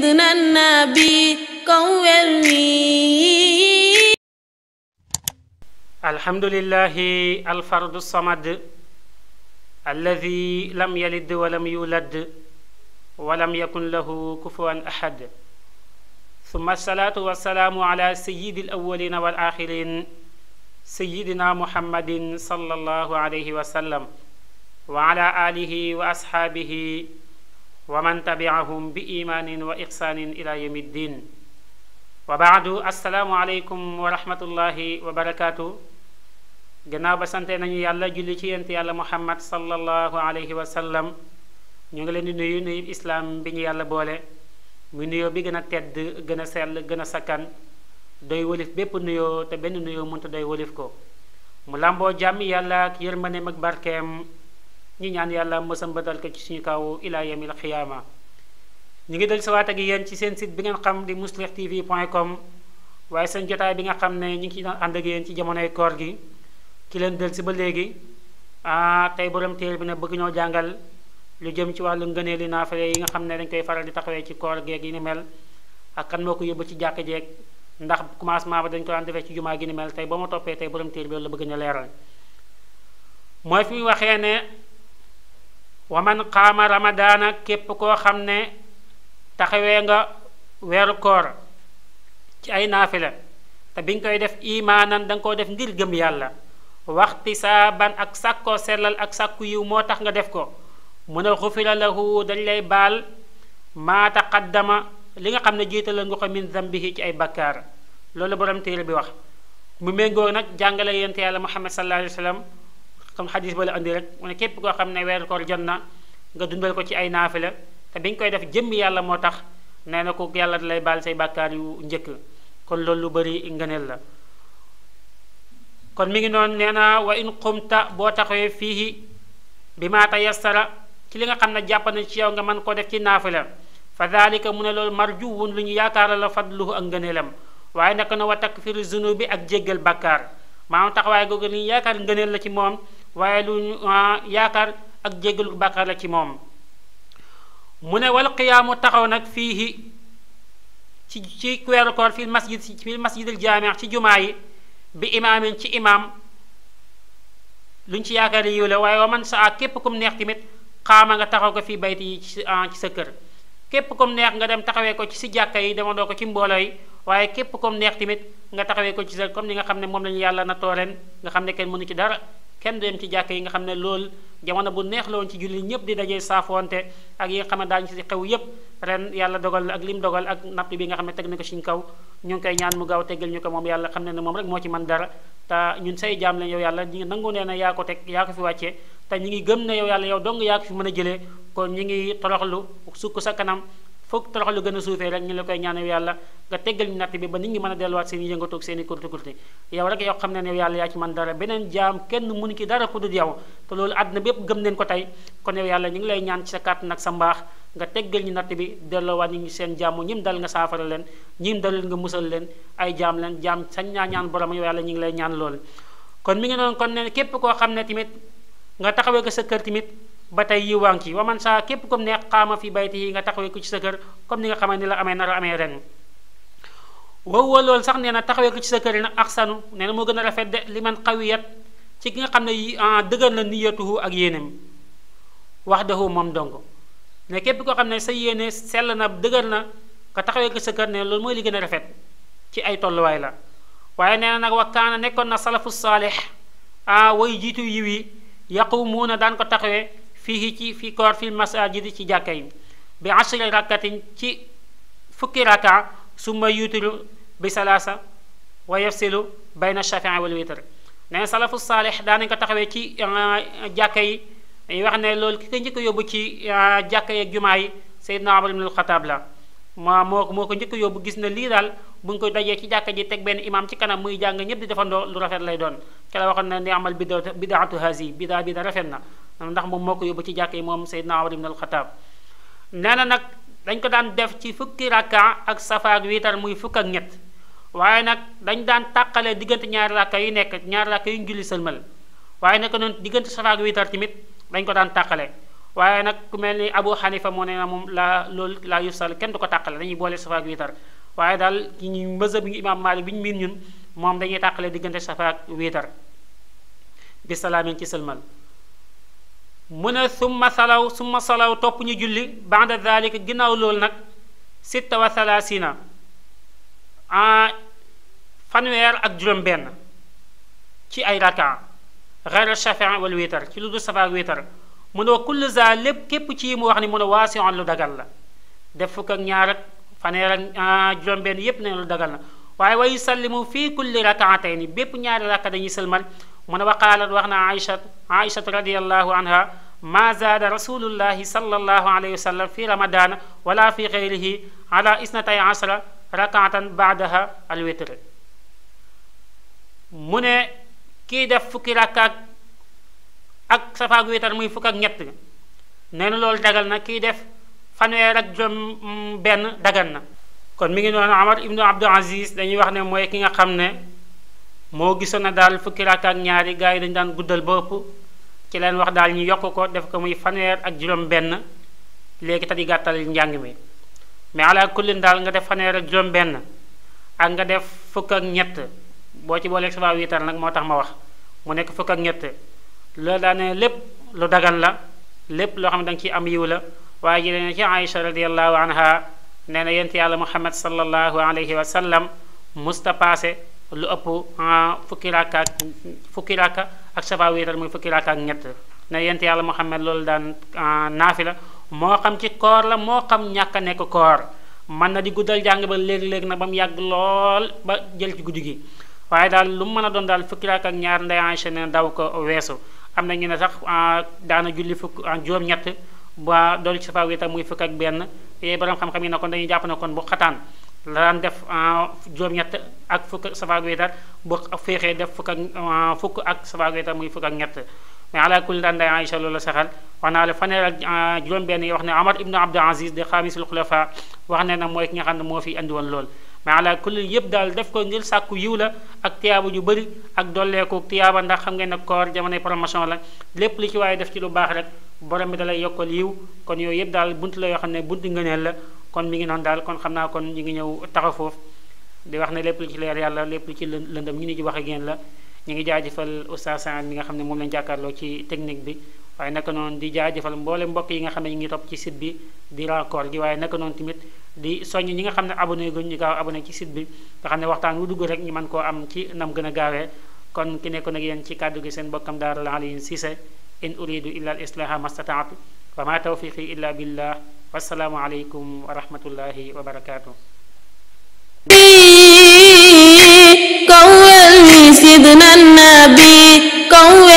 سيدنا النبي كوّر لي الحمد لله الفرد الصمد الذي لم يلد ولم يولد ولم يكن له كفوا أحد ثم الصلاة والسلام على سيد الأولين والآخرين سيدنا محمد صلى الله عليه وسلم وعلى آله وأصحابه wa man tabiahum bi imaanin wa ixsaanin ila yawmi ddin wa baadu assalaamu aleykum wa rahmatullahi wa barakaatu gannaaw ba sante nañu yàlla julli ci yent yàlla muhammad sallallahu alayhi wa sallam ñu ngi leen di nuyu nuyub islaam bi ñu yàlla boole mu nuyoo bi gën a tedd gën a sell gën a sakkan doy wëlif bépp nuyoo te benn nuyoo mënta doy wëlif ko mu làmboo jàmm yàlla ak yërmandeem ak barkeem ñi yàlla mësam ba dal ko ci suñu kaw ila yamil xiyaama ñu ngi del siwaat gi yéen ci seen site bi ngeen xam di mouslih tv point com waaye seen jotaay bi nga xam ne ñu ngi ci daan ànd ak yéen ci jamonoy koor gi ki leen del si ba léegi ah tey borom téere bi ne bëgg ñoo jàngal lu jëm ci wàllu ngënee li naafale yi nga xam ne dañ koy faral di taxawee ci koor geeg yi ne mel ak kan moo ko yóbbu ci jàkk jeeg ndax commencement ba dañ ko daan defee ci jumaa gi ni mel tey ba ma toppee tey borom téere bi la ñu leeral wa man qaama ramadaana képp koo xam ne taxawee nga weeru koor ci ay naafila te bi nga koy def imaanan danga nga koo def ngir gëm yàlla waxti ban ak sàkkoo sellal ak sàkku yiw moo tax nga def ko mu ne xufira lahu dañ lay baal maa taqaddama li nga xam ne jiitaleen nga ko min zambihi ci ay bakkaar loolu borom téere bi wax mu méngoo nag jàngale yonent yàlla muhammad sallallahu alayhi wa comme xadis ba la indi rek mu ne képp koo xam ne weeru koor jot na nga dundal ko ci ay la te bi ñu koy def jëmm yàlla moo tax nee na ko yàlla dalay baal say bàkkaar yu njëkk kon loolu lu bari ngëneel la kon mi ngi noonu nee naa wa in qumta boo taxawee fii bi maa tayassara ci li nga xam ne jàpp na ci yow nga mën koo def ci la fa daalika mu ne loolu marjuwun lu ñu yaakaara la fadluhu ak ngëneelam waaye naka na wa takfiru zunubi ak jéggal bàkkaar maanaam taxawaay ci moom waaye lu ñu ah, yaakaar ak jéggalu bàkkaar la ci moom mu ne wal qiyaamu taxaw nag fii ci ci weeru koor fi masjid fi masjidil jaami ci jumaa yi bi imaamin ci imaam lu ñu ci yaakaar yiw la waaye wa man saa képp kum neex tamit xaama nga taxaw ko fii bayt yi ah, ci sa kër képp kum neex nga dem taxawee ko ci si jàkka yi demandoo ko ci mbooloo yi waaye képp kum neex tamit nga taxawee ko ci sa comme ni nga xam ne moom la yàlla na tooleen nga xam ne kenn mënu ci dara kenn du dem ci jàkk yi nga xam ne lool jamono bu neex la woon ci julli ñëpp di dajee saafoonte ak yi nga xam ne daañu si xew yépp ren yàlla dogal ak lim dogal ak natt bi nga xam ne teg na ko suñ kaw ñu ngi koy ñaan mu gaaw teggal ñu ko moom yàlla xam ne ne moom rek moo ci man dara te ñun say jaam lañ yow yàlla ngi nangu nee na yaa ko teg yaa ko fi wàccee te ñu ngi gëm na yow yàlla yow dong yaa ko fi mën a jëlee kon ñu ngi toroxlu sukk sa kanam foog torox lu gën a suufee rek ñu la koy ñaanal yàlla nga teggal ñu natt bi ba nit ñi mën a delluwaat seen i yëngatoog kurti kurti yow rek yow xam ne ne yàlla yaa ci man dara beneen jaam kenn mënu ci dara ku yow te loolu àdduna bépp gëm neen ko tey kon yow yàlla ñu ngi lay ñaan sa kàtt nag sa mbaax nga teggal natt bi delloowaat ñu seen jàmm ñim dal nga saafara leen ñim dal nga musal leen ay jaam leen jaam sañ ñaan borom yow yàlla ñu ngi ba tey yi wànq yi waman saa képp comme ne xaama fi bayti yi nga taxawee ko ci sa kër comme ni nga xamante ni la amee nar a amee ren wowwa loolu sax nee na taxawee ko ci sa kër yi nag axsanu nee na moo gën a rafet de li man xawiyat ci ki nga xam ne ah, dëgër na niyatuhu ak yéenem wahdahu moom dong ne képp koo xam ne sa yéene sell na dëgër na nga taxawee ko sa kër ne loolu mooy li gën a rafet ci ay tolluwaay la waaye nee na nag wa kaana nekkoon na salafu saalix ah way jiitu yiw yi na daan ko taxawee fii ci fi koor fil di ci jàkka yi bi ashri rakatin ci fukki raka summa yutiru bi salaasa wa yafsilu bayna shafii wal witr nee salafu saalix daanañ ko taxawee ci euh, jàkka yi wax ne lool ki ko njëkk yóbbu ci euh, jàkka yi ak jumaa yi Seydina Umar ibn al-Xataab la maa moo moo ko njëkk yóbbu gis na lii daal bu ñu ko dajee ci jàkka ji teg benn imaam ci kanam muy jàng ñëpp di defandoo lu rafet lay doon ca la waxoon ne ni amal bida bidaatu haasi bida bida rafet na ndax moom moo ko yóbbu ci jàkk yi moom Seydina na ibn al-Khattab nee na nag dañ ko daan def ci fukki rakka ak safa ak wiitar muy fukk ak ñett waaye nag dañ daan tàqalee diggante ñaari rakka yu nekk ñaari rakka yu julli sëlmal waaye nag noonu diggante safa ak wiitar tamit dañ ko daan tàqale waaye nag ku mel ni Abu Hanifa moo ne na moom la loolu la yusal kenn du ko tàqale dañuy boole safa ak wiitar waaye daal ñu mësëb bi imaam Maalik bi ñu miin ñun moom dañuy tàqale diggante safa ak wiitar bi salaamin ci sëlmal mu ne summa salaw summa salaw topp ñu julli banda daalika ginnaaw loolu nag sitta wa salaasina fanweer ak juróom benn ci ay rakaa xeyra shafin wal wéetar ci lu dul safa ak wéetar mu ne wa kullu lépp képp ci mu wax ni mu ne waa si on lu dagal la def fukk ak ñaar ak fanweer ak juróom benn yépp ne lu dagal na waaye wayu sallimu fii kulli rakaatayni bépp ñaari raka dañuy sëlmal mu ne wa qaalat wax na aïchatu aïchatu radiallahu anha ma zaada rasulullahi sallallahu alayhi wa sallam fi ramadana wala fi xeyrihi ala isnatay ashara rakaatan baadaha alwitr mu ne kii def fukki rakkaat ak safaag witar muy fukk ak ñett nee na loolu dagal na kii def fanweer ak juróom mm, benn dagal na kon mi ngi noonu amar ibnu abdul aziz dañuy wax ne mooy ki nga xam ne moo gisoon na daal fukki raaka ak ñaari gars yi dañu daan guddal ba ci leen wax daal ñu yokk ko def ko muy fanweer ak juróom-benn léegi te di gàttal njàng mi mais ala kullin daal nga def fanweer ak juróom-benn ak nga def fukk ak ñett boo ci booleeg subaa wiitar nag moo tax ma wax mu nekk fukk ak ñett loolu daa ne lépp lu dagan la lépp loo xam ne da ciy am yiw la waaye jëlee na ci Aïcha radiyallahu anha nee na yent yàlla Muhammad sallallahu alayhi wa sallam musta paase lu ëpp ah, fukki raaka ak fukki raaka ak saba wéetal muy fukki raaka ak ñett ne yent yàlla Muhammad loolu daan ah, naafi la moo xam ci koor la moo xam ñàkk a nekk koor mën na di guddal jàng ba léeg-léeg na ba mu yàgg lool ba jël ci guddi gi waaye daal lu mën a doon daal fukki raaka ak ñaar ndey Aysa ne daw ko weesu am na ñu sax ah, daana julli fukk juróom-ñett ba dool ci saba wéetal muy fukk ak benn yooyu eh, borom xam-xam yi kon dañuy jàpp ne kon bu xataan la daan def ah, juróom-ñett ak fukk safaak weetar bu féexee def fukk ak ah, fukk ak safaak weetar muy fukk ak ñett mais ala daan day Aïcha loolu la saxal wax naa la fanweer ak ah, juróom-benn yi wax ne Omar ibnu Abdul Aziz de xaamisul xulafa wax ne nag mooy nga xam ne moo fi andi woon lool mais ala kulli yëpp daal def ko ngir sàkku yiw la ak tiyaabu ju bëri ak dolleeku tiyaaba ndax xam ngeen ne koor jamonoy promotion la lépp li ci waaye def ci lu baax rek borom bi dalay yokkal yiw kon yooyu yëpp daal bunt la yoo xam ne bunti ngëneel la kon mi ngi noonu daal kon xam naa kon ñu ngi ñëw taxaw foofu di wax ne lépp lu ci leer yàlla lépp lu ci lëndëm ñu ni ci wax la ñu ngi jaajëfal oustaz Sane mi nga xam ne moom lañ jàkkaarloo ci technique bi waaye naka noonu di jaajëfal mboole mbokk yi nga xam ne ñu ngi topp ci site bi di raccord gi waaye naka noonu tamit di soññ ñi nga xam ne abonné guñ ñu gaaw abonné ci site bi nga xam ne waxtaan wu dugg rek ñu mën koo am ci nam gën a gaawee kon ki nekkoon ak yéen ci kàddu gi seen bokkam daara la Alioune Cissé in uridu illa al islaha mastataatu wa wasalaamualeykum wa rahmatullahi wa barakaatu كون سيدنا النبي كون